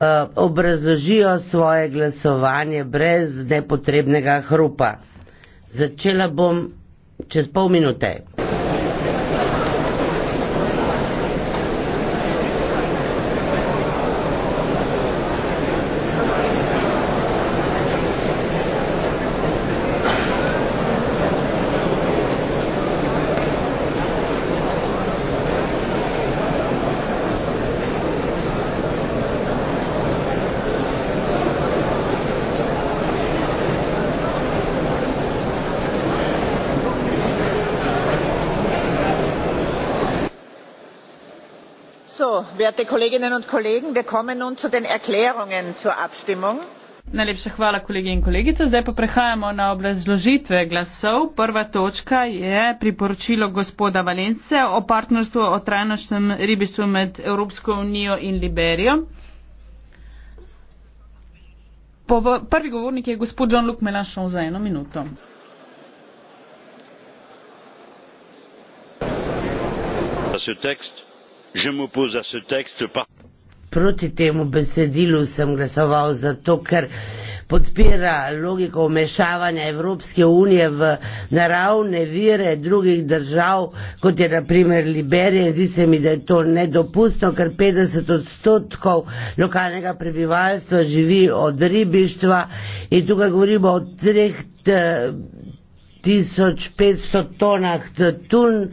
Eh, obrazložijo svoje glasovanje brez nepotrebnega hrupa. Začela bom čez pol minute. verehrte kolleginnen und kollegen wir kommen nun zu den erklärungen zur abstimmung. Najlepša hvala, kolegi in kolegice. Zdaj pa prehajamo na obrazložitve glasov. Prva točka je priporočilo gospoda Valence o partnerstvu o trajnostnem ribištvu med Evropsko unijo in Liberijo. Pov prvi govornik je gospod Jean-Luc Mélenchon za eno minuto. Za je m'oppose à ce texte par Proti temu besedilu sem glasoval zato, ker podpira logiko vmešavanja Evropske unije v naravne vire drugih držav, kot je naprimer Liberija. Zdi se mi, da je to nedopustno, ker 50 odstotkov lokalnega prebivalstva živi od ribištva in tukaj govorimo o 3500 eh, tonah tun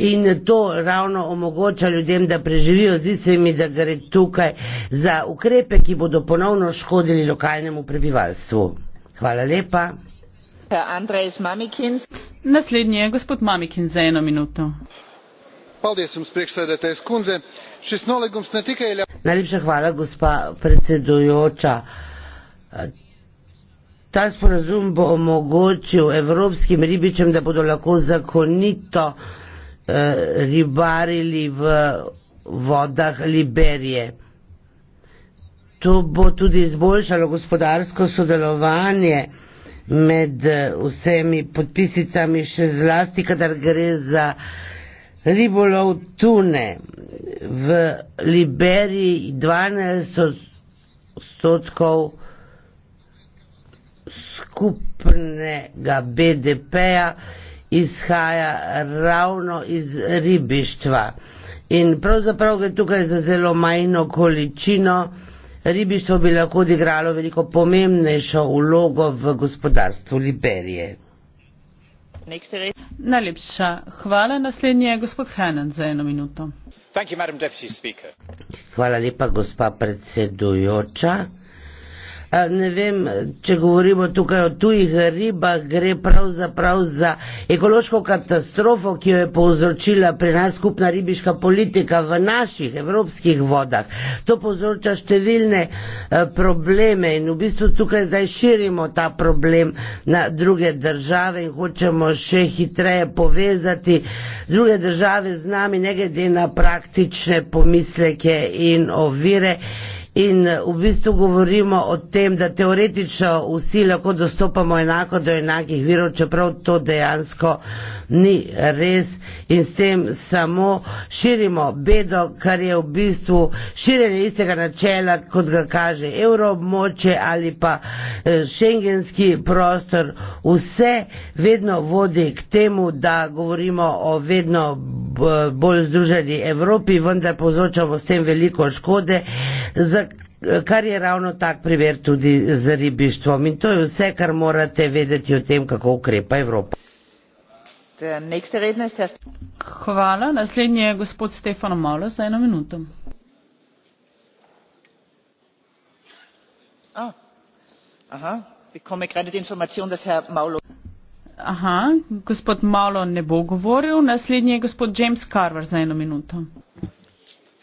in to ravno omogoča ljudem, da preživijo z isemi, da gre tukaj za ukrepe, ki bodo ponovno škodili lokalnemu prebivalstvu. Hvala lepa. Naslednji je gospod Mamikin za eno minuto. Najlepša hvala, gospa predsedujoča. Ta sporazum bo omogočil evropskim ribičem, da bodo lahko zakonito Eh, ribarili v vodah Liberije. To bo tudi izboljšalo gospodarsko sodelovanje med eh, vsemi podpisicami, še zlasti, kadar gre za ribolov tune. V Liberiji 12 odstotkov skupnega BDP-ja izhaja ravno iz ribištva. In pravzaprav gre tukaj za zelo majno količino. Ribištvo bi lahko odigralo veliko pomembnejšo vlogo v gospodarstvu Liberije. Najlepša hvala. Naslednji je gospod Hanan za eno minuto. Hvala lepa, gospa predsedujoča ne vem, če govorimo tukaj o tujih ribah, gre pravzaprav za ekološko katastrofo, ki jo je povzročila pri nas skupna ribiška politika v naših evropskih vodah. To povzroča številne probleme in v bistvu tukaj zdaj širimo ta problem na druge države in hočemo še hitreje povezati druge države z nami, ne glede na praktične pomisleke in ovire. In eh, v bistvu govorimo o tem, da teoretično vsi lahko dostopamo enako do enakih virov, čeprav to dejansko ni res in s tem samo širimo bedo, kar je v bistvu širjenje istega načela, kot ga kaže evroobmoče ali pa eh, šengenski prostor. Vse vedno vodi k temu, da govorimo o vedno eh, bolj združeni Evropi, vendar povzročamo s tem veliko škode. Za Eh, kar je ravno tak primer tudi z ribištvom in to je vse, kar morate vedeti o tem, kako ukrepa Evropa. Eh, Hvala. Naslednji je gospod Stefan Malo za eno minuto. Ah, aha, gospod Malo ne bo govoril. Naslednji je gospod James Carver za eno minuto.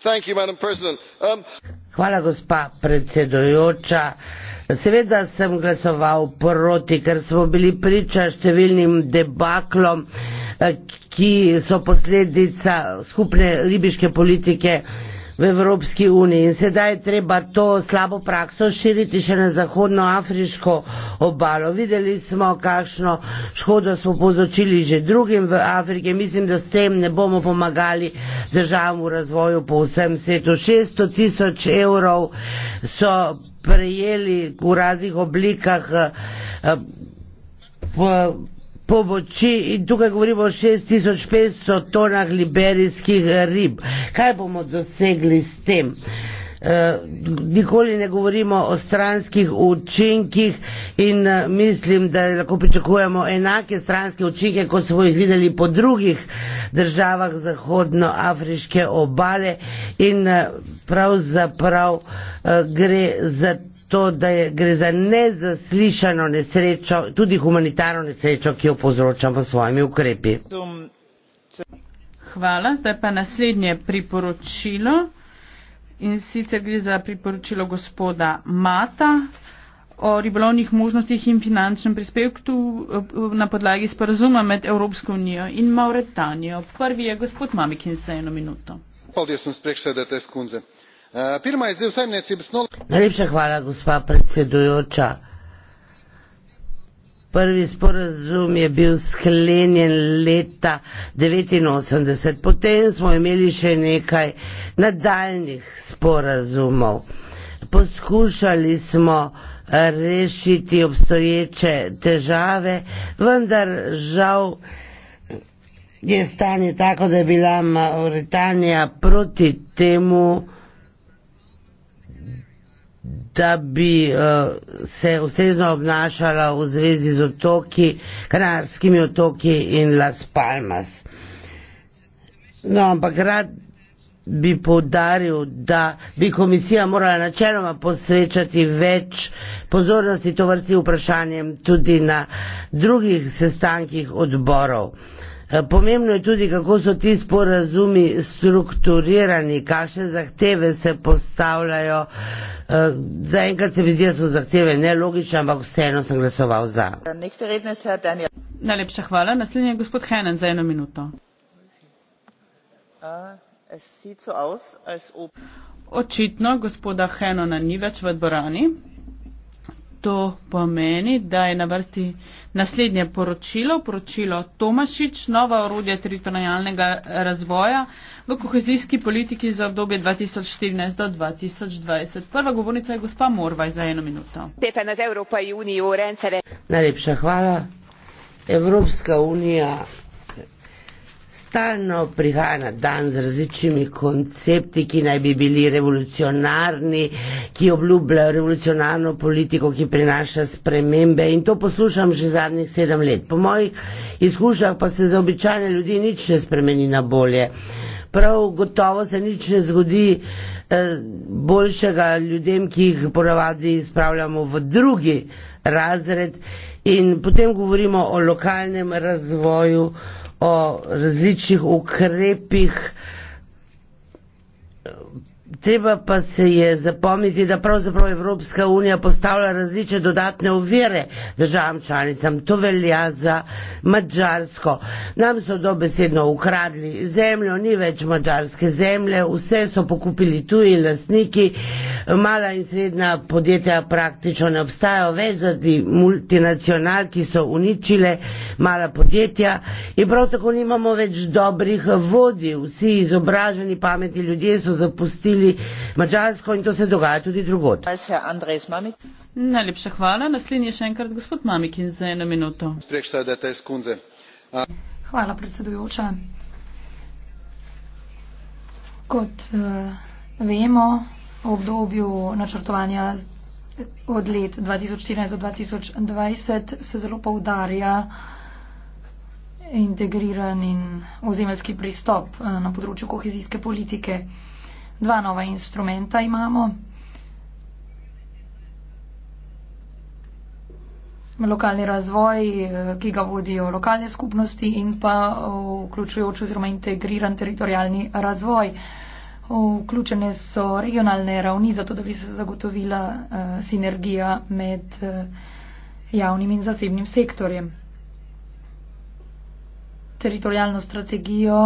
Thank you, madam president. Um... Hvala, gospa predsedojoča. Seveda sem glasoval proti, ker smo bili priča številnim debaklom, eh, ki so posledica skupne ribiške politike v Evropski uniji in sedaj je treba to slabo prakso širiti še na zahodno afriško obalo. Videli smo, kakšno škodo smo povzročili že drugim v Afriki. Mislim, da s tem ne bomo pomagali državam v razvoju po vsem svetu. 600 tisoč evrov so prejeli v raznih oblikah. Uh, uh, pomoči in tukaj govorimo o 6500 tonah liberijskih rib. Kaj bomo dosegli s tem? Uh, nikoli ne govorimo o stranskih učinkih in uh, mislim, da lahko pričakujemo enake stranske učinke, kot smo jih videli po drugih državah zahodnoafriške obale in uh, pravzaprav uh, gre za to, to, da je, gre za nezaslišano nesrečo, tudi humanitarno nesrečo, ki jo povzročamo s svojimi ukrepi. Hvala. Zdaj pa naslednje priporočilo. In sicer gre za priporočilo gospoda Mata o ribolovnih možnostih in finančnem prispevku eh, na podlagi sporazuma med Evropsko unijo in Mauretanijo. Prvi je gospod Mamikin za eno minuto. Hvala, da sem sprejšel, da te skunze. Eh, Najlepša hvala, gospa predsedujoča. Prvi sporazum je bil sklenjen leta 1989, potem smo imeli še nekaj nadaljnih sporazumov. Poskušali smo eh, rešiti obstoječe težave, vendar žal je stanje tako, da je bila Mauritanija proti temu, da bi uh, se ustrezno obnašala v zvezi z otoki, kanarskimi otoki in Las Palmas. No, ampak rad bi povdaril, da bi komisija morala načeloma posvečati več pozornosti to vrsti vprašanjem tudi na drugih sestankih odborov. Eh, pomembno je tudi, kako so ti sporazumi strukturirani, kakšne zahteve se postavljajo. Eh, zaenkrat se mi zdi, da so zahteve nelogične, ampak vseeno sem glasoval za. Najlepša hvala. Naslednji je gospod Henen za eno minuto. Očitno gospoda Henona ni več v dvorani to pomeni, da je na vrsti naslednje poročilo, poročilo Tomašič, nova orodja teritorijalnega razvoja v kohezijski politiki za obdobje 2014 do 2020. Prva govornica je gospa Morvaj za eno minuto. Najlepša hvala. Evropska unija stalno prihaja na dan z različnimi koncepti, ki naj bi bili revolucionarni, ki obljubljajo revolucionarno politiko, ki prinaša spremembe in to poslušam že zadnjih sedem let. Po mojih izkušnjah pa se za običajne ljudi nič ne spremeni na bolje. Prav gotovo se nič ne zgodi eh, boljšega ljudem, ki jih ponavadi spravljamo v drugi razred in potem govorimo o lokalnem razvoju, o različnih ukrepih Treba pa se je zapomniti, da pravzaprav Evropska unija postavlja različne dodatne ovire državam članicam. To velja za Mačarsko. Nam so dobesedno ukradli zemljo, ni več mačarske zemlje, vse so pokupili tuji lastniki, mala in srednja podjetja praktično ne obstajajo več zaradi multinacional, ki so uničile mala podjetja in prav tako nimamo več dobrih vodij. Vsi izobraženi, pametni ljudje so zapustili tudi mađarsko in to se dogaja tudi drugod. Najlepša hvala. Naslednji je še enkrat gospod Mamikin za eno minuto. Hvala, predsedujoča. Kot uh, vemo, v obdobju načrtovanja od let 2014 do 2020 se zelo poudarja integriran in ozemeljski pristop uh, na področju kohezijske politike. Uh, dva nova instrumenta imamo. Lokalni razvoj, ki ga vodijo lokalne skupnosti in pa vključujoč oziroma integriran teritorijalni razvoj. Vključene so regionalne ravni, zato da bi se zagotovila eh, sinergija med eh, javnim in zasebnim sektorjem. Teritorijalno strategijo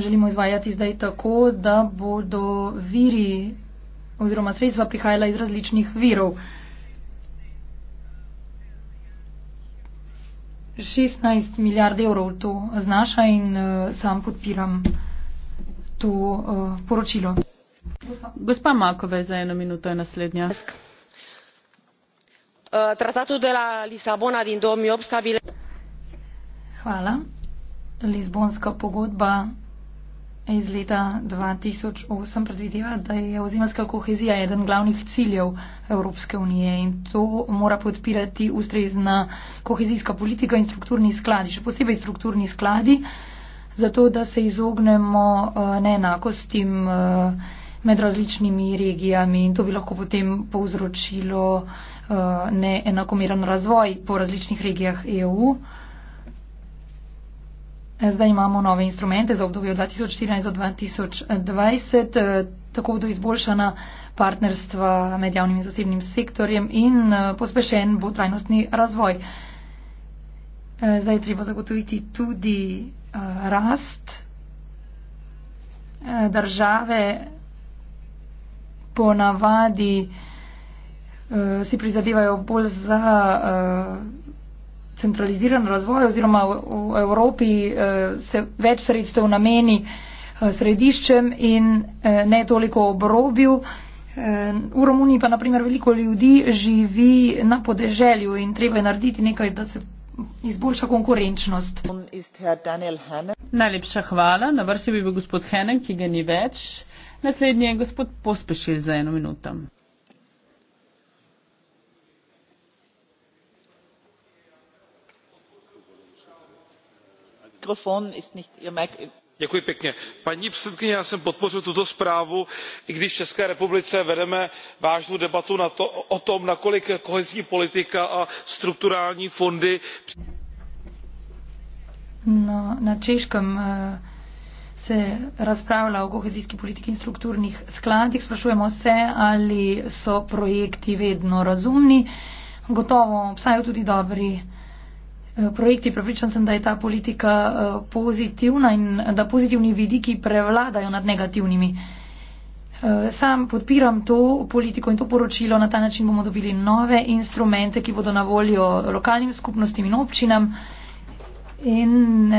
želimo izvajati zdaj tako, da bodo viri oziroma sredstva prihajala iz različnih virov. 16 milijard evrov to znaša in uh, sam podpiram to uh, poročilo. Gospa Makove, za eno minuto je naslednja. Eh, Hvala. Lizbonska pogodba iz leta 2008 predvideva, da je ozemljska kohezija eden glavnih ciljev Evropske unije in to mora podpirati ustrezna kohezijska politika in strukturni skladi, še posebej strukturni skladi, zato da se izognemo eh, neenakostim eh, med različnimi regijami in to bi lahko potem povzročilo eh, neenakomeren razvoj po različnih regijah EU. Zdaj imamo nove instrumente za obdobje 2014 do 2020, eh, tako bodo izboljšana partnerstva med javnim in zasebnim sektorjem in eh, pospešen bo trajnostni razvoj. Eh, zdaj je treba zagotoviti tudi rast države. Ponavadi si prizadevajo bolj za centraliziran razvoj oziroma v Evropi eh, se več sredstev nameni eh, središčem in eh, ne toliko obrobju. V Romuniji pa naprimer veliko ljudi živi na podeželju in treba je narediti nekaj, da se izboljša konkurenčnost. Najlepša hvala. Na vrsti bi bil gospod Henen, ki ga ni več. Naslednji je gospod Pospešil za eno minuto. paní předsedající já jsem podpořil tuto zprávu i když v české republice vedeme vážnou debatu o tom nakolik kohezní politika a strukturální fondy. No, na češkem eh, se razpravlja o kohezijski politiki in strukturnih skladih sprašujemo se ali so projekti vedno razumni gotovo obstajajo tudi dobri Eh, projekti. Prepričan sem, da je ta politika eh, pozitivna in da pozitivni vidiki prevladajo nad negativnimi. Eh, sam podpiram to politiko in to poročilo. Na ta način bomo dobili nove instrumente, ki bodo na voljo lokalnim skupnostim in občinam. In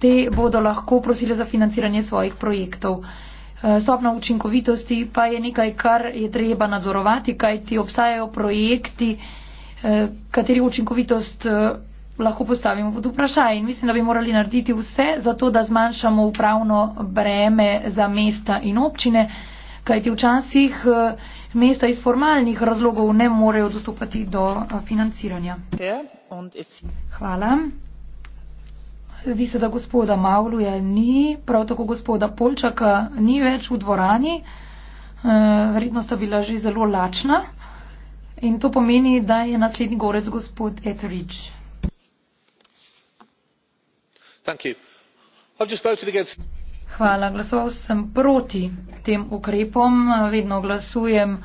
te bodo lahko prosile za financiranje svojih projektov. Stopna učinkovitosti pa je nekaj, kar je treba nadzorovati, kajti obstajajo projekti, katerih učinkovitost lahko postavimo pod vprašaj. In mislim, da bi morali narediti vse za to, da zmanjšamo upravno breme za mesta in občine, kajti včasih eh, mesta iz formalnih razlogov ne morejo dostopati do eh, financiranja. Hvala. Zdi se, da gospoda Mavluja ni, prav tako gospoda Polčaka ni več v dvorani. Eh, verjetno sta bila že zelo lačna. In to pomeni, da je naslednji gorec gospod Etheridge hvala glasoval sem proti tem ukrepom vedno glasujem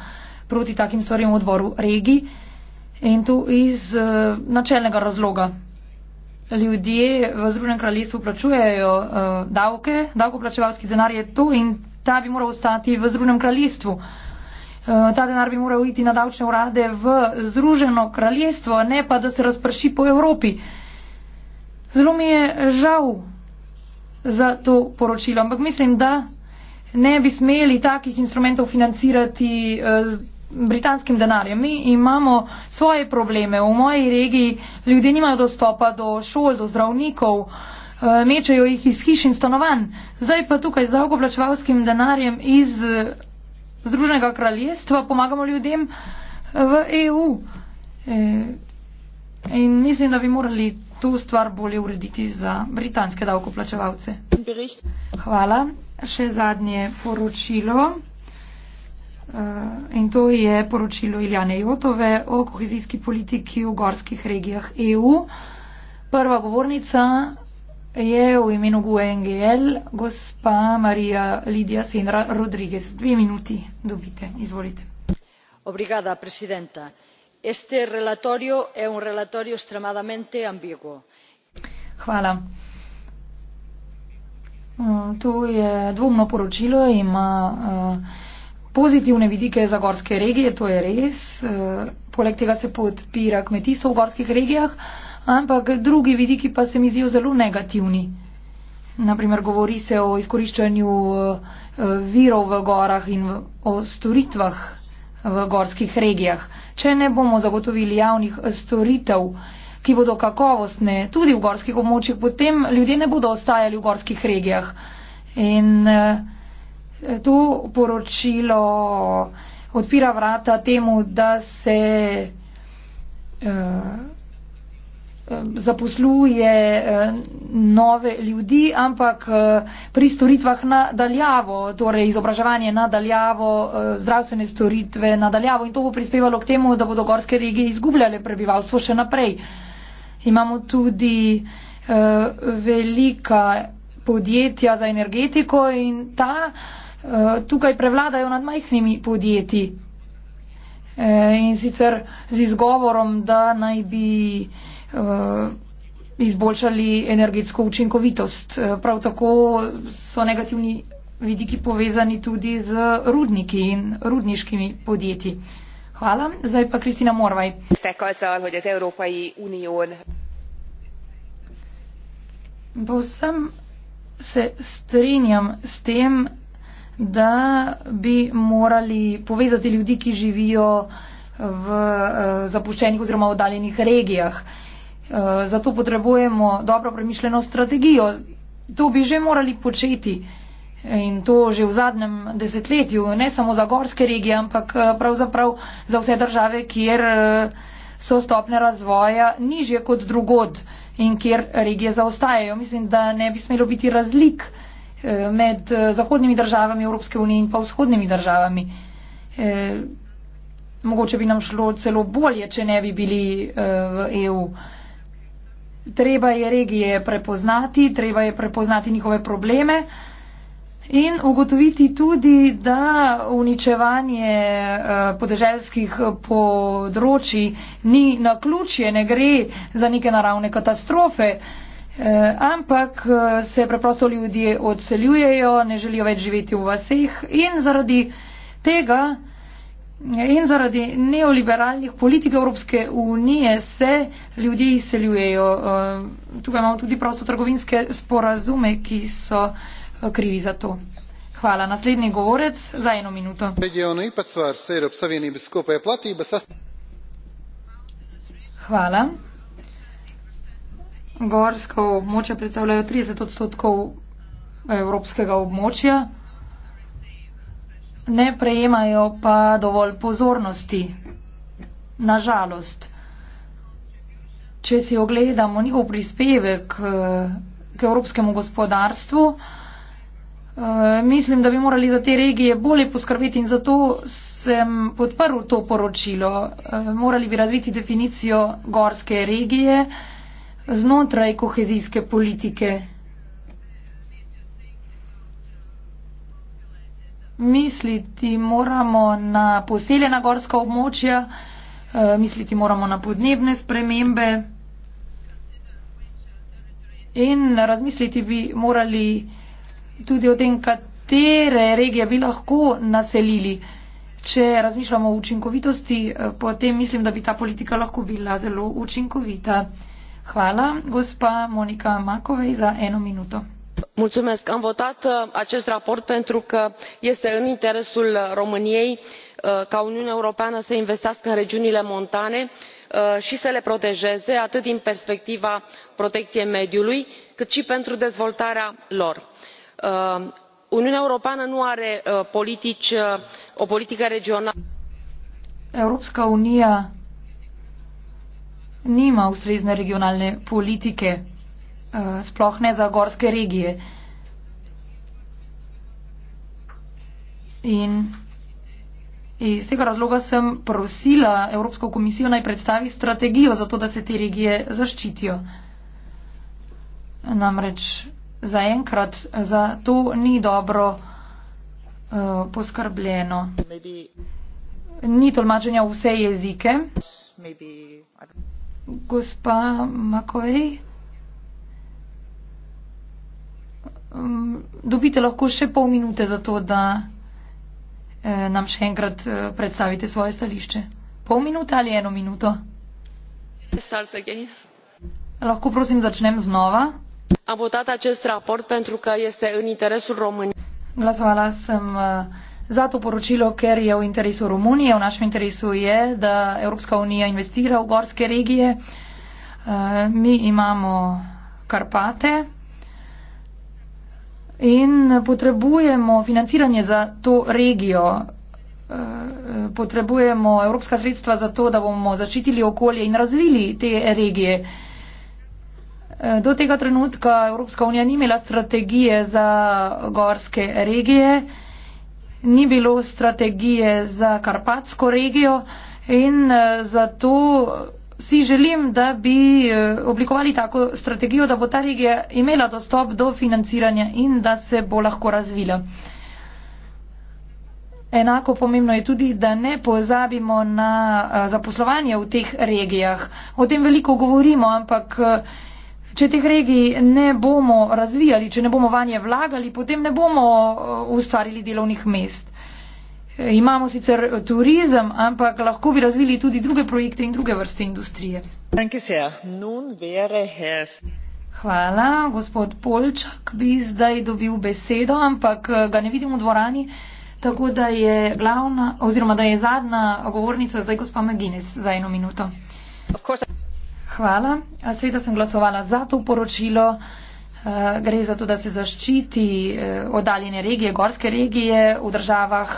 proti takim stvarem v odboru regi in to iz uh, načelnega razloga ljudje v Združenem kraljestvu plačujejo uh, davke davkoplačevalski denar je to in ta bi moral ostati v Združenem kraljestvu eh, Ta denar bi moral iti na davčne urade v Združeno kraljestvo, ne pa da se razprši po Evropi. Zelo mi je žal za to poročilo, ampak mislim, da ne bi smeli takih instrumentov financirati eh, z britanskim denarjem. Mi imamo svoje probleme. V moji regiji ljudje nimajo dostopa do šol, do zdravnikov, eh, mečejo jih iz hiš in stanovanj. Zdaj pa tukaj z davkoplačevalskim denarjem iz eh, Združenega kraljestva pomagamo ljudem v EU. In mislim, da bi morali tu stvar bolje urediti za britanske davkoplačevalce. Hvala. Še zadnje poročilo. Eh, in to je poročilo Iljane Jotove o kohezijski politiki v gorskih regijah EU. Prva govornica je v imenu GUNGL e gospa Marija Lidija Senra Rodriguez. Dve minuti dobite. Izvolite. Obrigada, predsednica este relatorio es un relatorio extremadamente ambiguo. Hvala. Mm, to je dvomno poročilo, ima eh, pozitivne vidike za gorske regije, to je res. Eh, poleg tega se podpira kmetijstvo v gorskih regijah, ampak drugi vidiki pa se mi zdijo zelo negativni. Naprimer, govori se o izkoriščanju eh, virov v gorah in o storitvah v gorskih regijah. Če ne bomo zagotovili javnih eh, storitev, ki bodo kakovostne tudi v gorskih območjih, potem ljudje ne bodo ostajali v gorskih regijah. In eh, to poročilo odpira vrata temu, da se. Uh, Eh, zaposluje eh, nove ljudi, ampak eh, pri storitvah nadaljavo, torej izobraževanje nadaljavo, zdravstvene storitve nadaljavo in to bo prispevalo k temu, da bodo gorske regije izgubljale prebivalstvo še naprej. Imamo tudi velika podjetja za energetiko in ta tukaj prevladajo nad majhnimi podjetji. In sicer z izgovorom, da naj bi Eh, izboljšali energetsko učinkovitost. Eh, prav tako so negativni vidiki povezani tudi z rudniki in rudniškimi podjetji. Hvala. Zdaj pa Kristina Morvaj. Povsem se strinjam s tem, da bi morali povezati ljudi, ki živijo v eh, zapuščenih oziroma oddaljenih regijah. Eh, zato potrebujemo dobro premišljeno strategijo. To bi že morali početi in to že v zadnjem desetletju, ne samo za gorske regije, ampak eh, pravzaprav za vse države, kjer eh, so stopne razvoja nižje kot drugod in kjer regije zaostajajo. Mislim, da ne bi smelo biti razlik med zahodnimi državami Evropske unije in pa vzhodnimi državami. Mogoče bi nam šlo celo bolje, če ne bi bili v EU. Treba je regije prepoznati, treba je prepoznati njihove probleme in ugotoviti tudi, da uničevanje eh, podeželskih področij ni na ključje, ne gre za neke naravne katastrofe, eh, ampak eh, se preprosto ljudje odseljujejo, ne želijo več živeti v vaseh in zaradi tega In zaradi neoliberalnih politik Evropske unije se ljudje izseljujejo. Eh, tukaj imamo tudi prostotrgovinske sporazume, ki so eh, krivi za to. Hvala. Naslednji govorec za eno minuto. Hvala. Gorsko območje predstavljajo 30 odstotkov eh, evropskega območja ne prejemajo pa dovolj pozornosti. Nažalost, če si ogledamo njihov prispevek eh, k evropskemu gospodarstvu, eh, mislim, da bi morali za te regije bolje poskrbeti in zato sem podprl to poročilo. Eh, morali bi razviti definicijo gorske regije znotraj kohezijske politike. Misliti moramo na poseljena gorska območja, eh, misliti moramo na podnebne spremembe in razmisliti bi morali tudi o tem, katere regije bi lahko naselili. Če razmišljamo o učinkovitosti, eh, potem mislim, da bi ta politika lahko bila zelo učinkovita. Hvala, gospa Monika Makovej, za eno minuto domnule președinte am votat uh, acest raport pentru că este în interesul româniei uh, ca uniunea europeană să investească în regiunile montane uh, și să le protejeze atât din perspectiva protecției mediului cât și pentru dezvoltarea lor. uniunea europeană nu are o politică regională Eh, sploh ne za gorske regije. In iz tega razloga sem prosila Evropsko komisijo naj predstavi strategijo za to, da se te regije zaščitijo. Namreč zaenkrat za to ni dobro uh, poskrbljeno. Ni tolmačenja vse jezike. Gospa Makovej. um, dobite lahko še pol minute za to, da eh, nam še enkrat eh, predstavite svoje stališče. Pol minute ali eno minuto? Lahko prosim začnem znova. Am votat acest raport pentru că este în interesul României. Glasovala sem uh, za to poročilo, ker je v interesu Romunije. V našem interesu je, da Evropska unija investira v gorske regije. Uh, mi imamo Karpate, In potrebujemo financiranje za to regijo, eh, potrebujemo evropska sredstva za to, da bomo zaščitili okolje in razvili te regije. Eh, do tega trenutka Evropska unija ni imela strategije za gorske regije, ni bilo strategije za karpatsko regijo in eh, zato si želim, da bi eh, oblikovali tako strategijo, da bo ta regija imela dostop do financiranja in da se bo lahko razvila. Enako pomembno je tudi, da ne pozabimo na eh, zaposlovanje v teh regijah. O tem veliko govorimo, ampak eh, če teh regij ne bomo razvijali, če ne bomo vanje vlagali, potem ne bomo ustvarili delovnih mest. Eh, imamo sicer eh, turizem, ampak lahko bi razvili tudi druge projekte in druge vrste industrije. Hvala, gospod Polčak bi zdaj dobil besedo, ampak eh, ga ne vidim v dvorani, tako da je glavna oziroma da je zadnja govornica zdaj gospa Maginis za eno minuto. Hvala. Sveda sem glasovala za to poročilo. Gre za to, da se zaščiti oddaljene regije, gorske regije v državah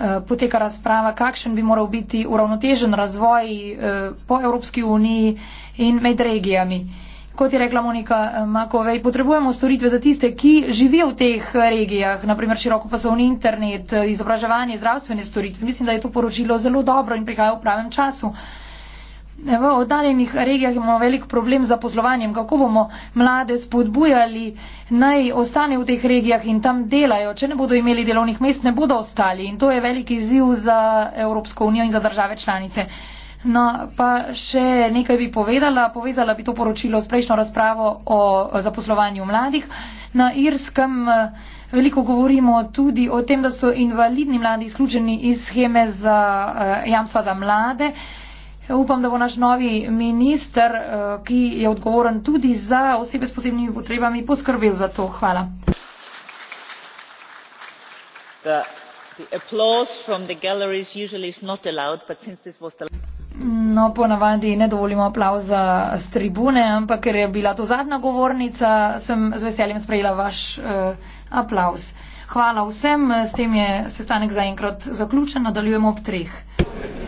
Eh, poteka razprava, kakšen bi moral biti uravnotežen razvoj eh, po Evropski uniji in med regijami. Kot je rekla Monika eh, Makovej, potrebujemo storitve za tiste, ki živijo v teh regijah, naprimer široko poslovni internet, izobraževanje, zdravstvene storitve. Mislim, da je to poročilo zelo dobro in prihaja v pravem času. V oddaljenih regijah imamo velik problem z zaposlovanjem. Kako bomo mlade spodbujali, naj ostane v teh regijah in tam delajo? Če ne bodo imeli delovnih mest, ne bodo ostali. In to je velik izziv za Evropsko unijo in za države članice. No, pa še nekaj bi povedala. Povezala bi to poročilo s prejšnjo razpravo o zaposlovanju mladih. Na Irskem veliko govorimo tudi o tem, da so invalidni mladi izključeni iz scheme za eh, jamstva za mlade. Upam, da bo naš novi minister, eh, ki je odgovoren tudi za osebe s posebnimi potrebami, poskrbel za to. Hvala. No, ponavadi ne dovolimo aplauza z tribune, ampak ker je bila to zadnja govornica, sem z veseljem sprejela vaš uh, eh, aplauz. Hvala vsem, s tem je sestanek zaenkrat zaključen, nadaljujemo ob treh.